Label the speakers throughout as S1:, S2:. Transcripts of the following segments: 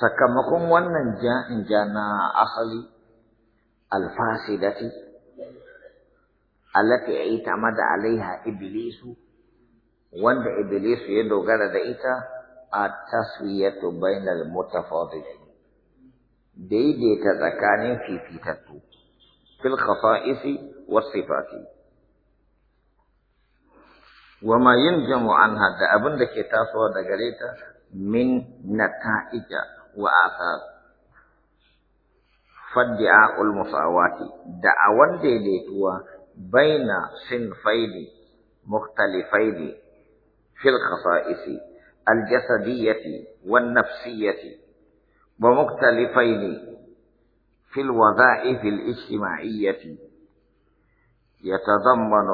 S1: sakamakon wannan ja'in jana na asali alfasidati allati itamada alaiha iblisu wanda iblisu ya dogara da ita a taswiyatu bainal mutafadilin daidaita tsakanin fifitattu fil khafa'isi was sifati wa ma yanjamu anha da abin da ke tasowa da gare ta min nata'ija وآثار فدعاء المساواة دعوان ديديتوا بين صنفين مختلفين في الخصائص الجسدية والنفسية ومختلفين في الوظائف الاجتماعية يتضمن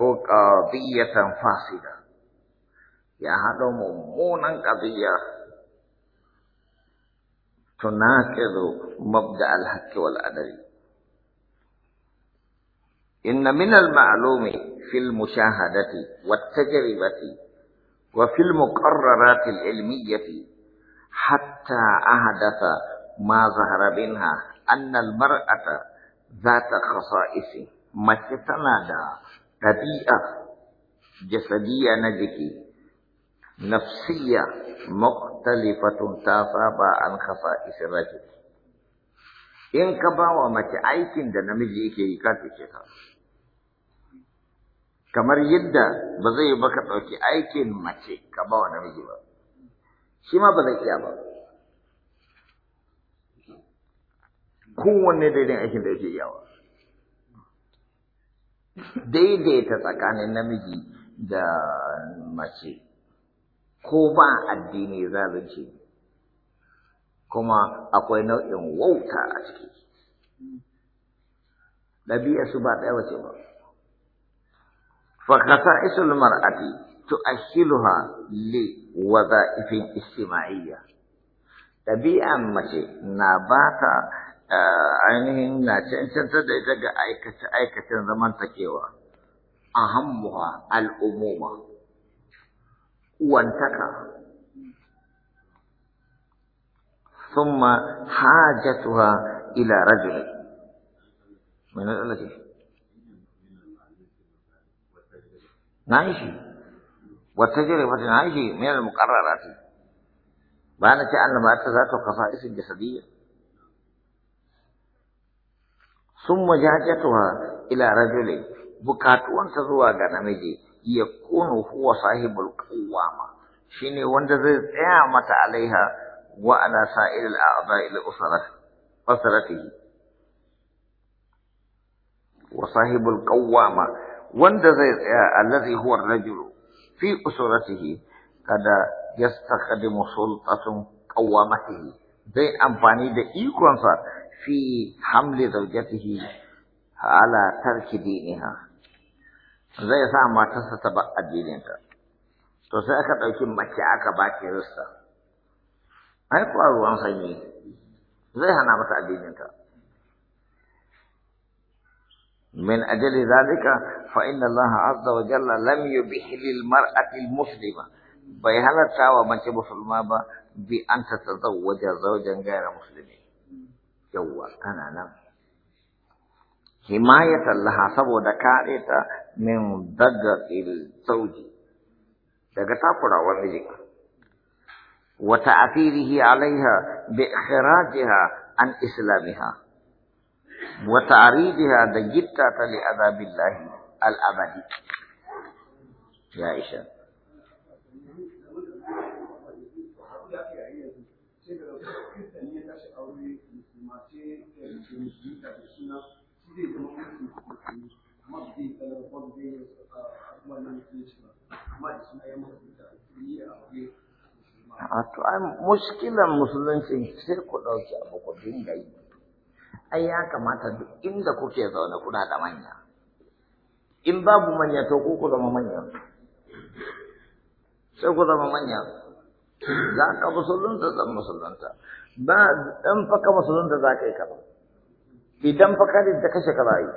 S1: قضية فاسدة يا هذا ممونا قضية تناقض مبدأ الحق والعدل إن من المعلوم في المشاهدة والتجربة وفي المقررات العلمية حتى أحدث ما ظهر منها أن المرأة ذات خصائص ما تتنادى طبيعة جسدية نجكي نفسية مقررة mukhtalifatun ta saba an khasa israki in ka ba wa mace aikin da namiji yake yi ka ce ka kamar yadda ba zai ba ka ɗauki aikin mace ka ba wa namiji ba shi ma ba zai iya ba kowanne daidai aikin da yake iyawa daidaita tsakanin namiji da mace ko ba addini zalunci kuma akwai nau'in wauta a ciki ɗabi'a su ba ɗaya wace ba fakasa isul mar'ati ashiluha li ifin istima'iyya ɗabi'an mace na ba ta eh, ainihin na cancanta da ita ga aikace-aikacen zamantakewa ahammuha al'umuma wantaka ثم حاجتها إلى رجل من التي نعيش والتجربة نعيش من المقررات معنى أن ما ذات خصائص جسدية ثم جاجتها إلى رجل بكاتوان تزوى نمجي يكون هو صاحب القوامة شيني وندزيز قامت عليها وعلى سائر الأعضاء لأسرته أسرته وصاحب القوامة وندزيز الذي هو الرجل في أسرته قد يستخدم سلطة قوامته زي أمفاني دي إيكونسا في حمل زوجته على ترك دينها zai sa matarsa ta ba addininta to sai aka ɗauki mace aka ba kirista ai kuwa ruwan sanyi zai hana mata addininta من أجل ذلك فإن الله عز وجل لم يبح للمرأة المسلمة بيهلتا ومن مسلمة بأن تتزوج زوجا غير مسلم جوال أنا نعم حماية الله سبو دكاريتا من ضد الزوج دكتا فرا وفجك وتأثيره عليها بإخراجها عن إسلامها وتعريضها دجتا لعذاب الله الأبدي يا عائشة Thank you. Ah, abubuwan a ai muskilan musulunci sai ku ɗauki abu ku dinga yi ai ya kamata duk inda kuke zaune kuna da manya in babu manya to ku ku zama manya sai ku zama manya za ka musulunta zan musulunta ba dan fa ka musulunta za ka yi kaza idan fa ka da kashe kaza yi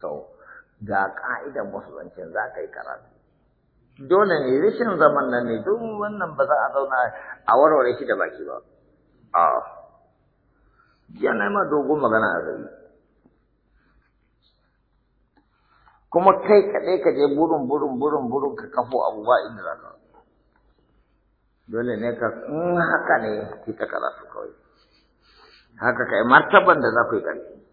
S1: to ga ka'idan musulunci za ka yi karatu dole ne rashin zaman nan ne don wannan ba za a zauna a warware shi da baki ba a yana ma dogon magana a zai kuma kai kaɗai ka je burin burin burin burin ka kafo abubuwa inda za ka dole ne ka in haka ne ki ta karatu kawai haka kai martaban da za ku yi ƙarfi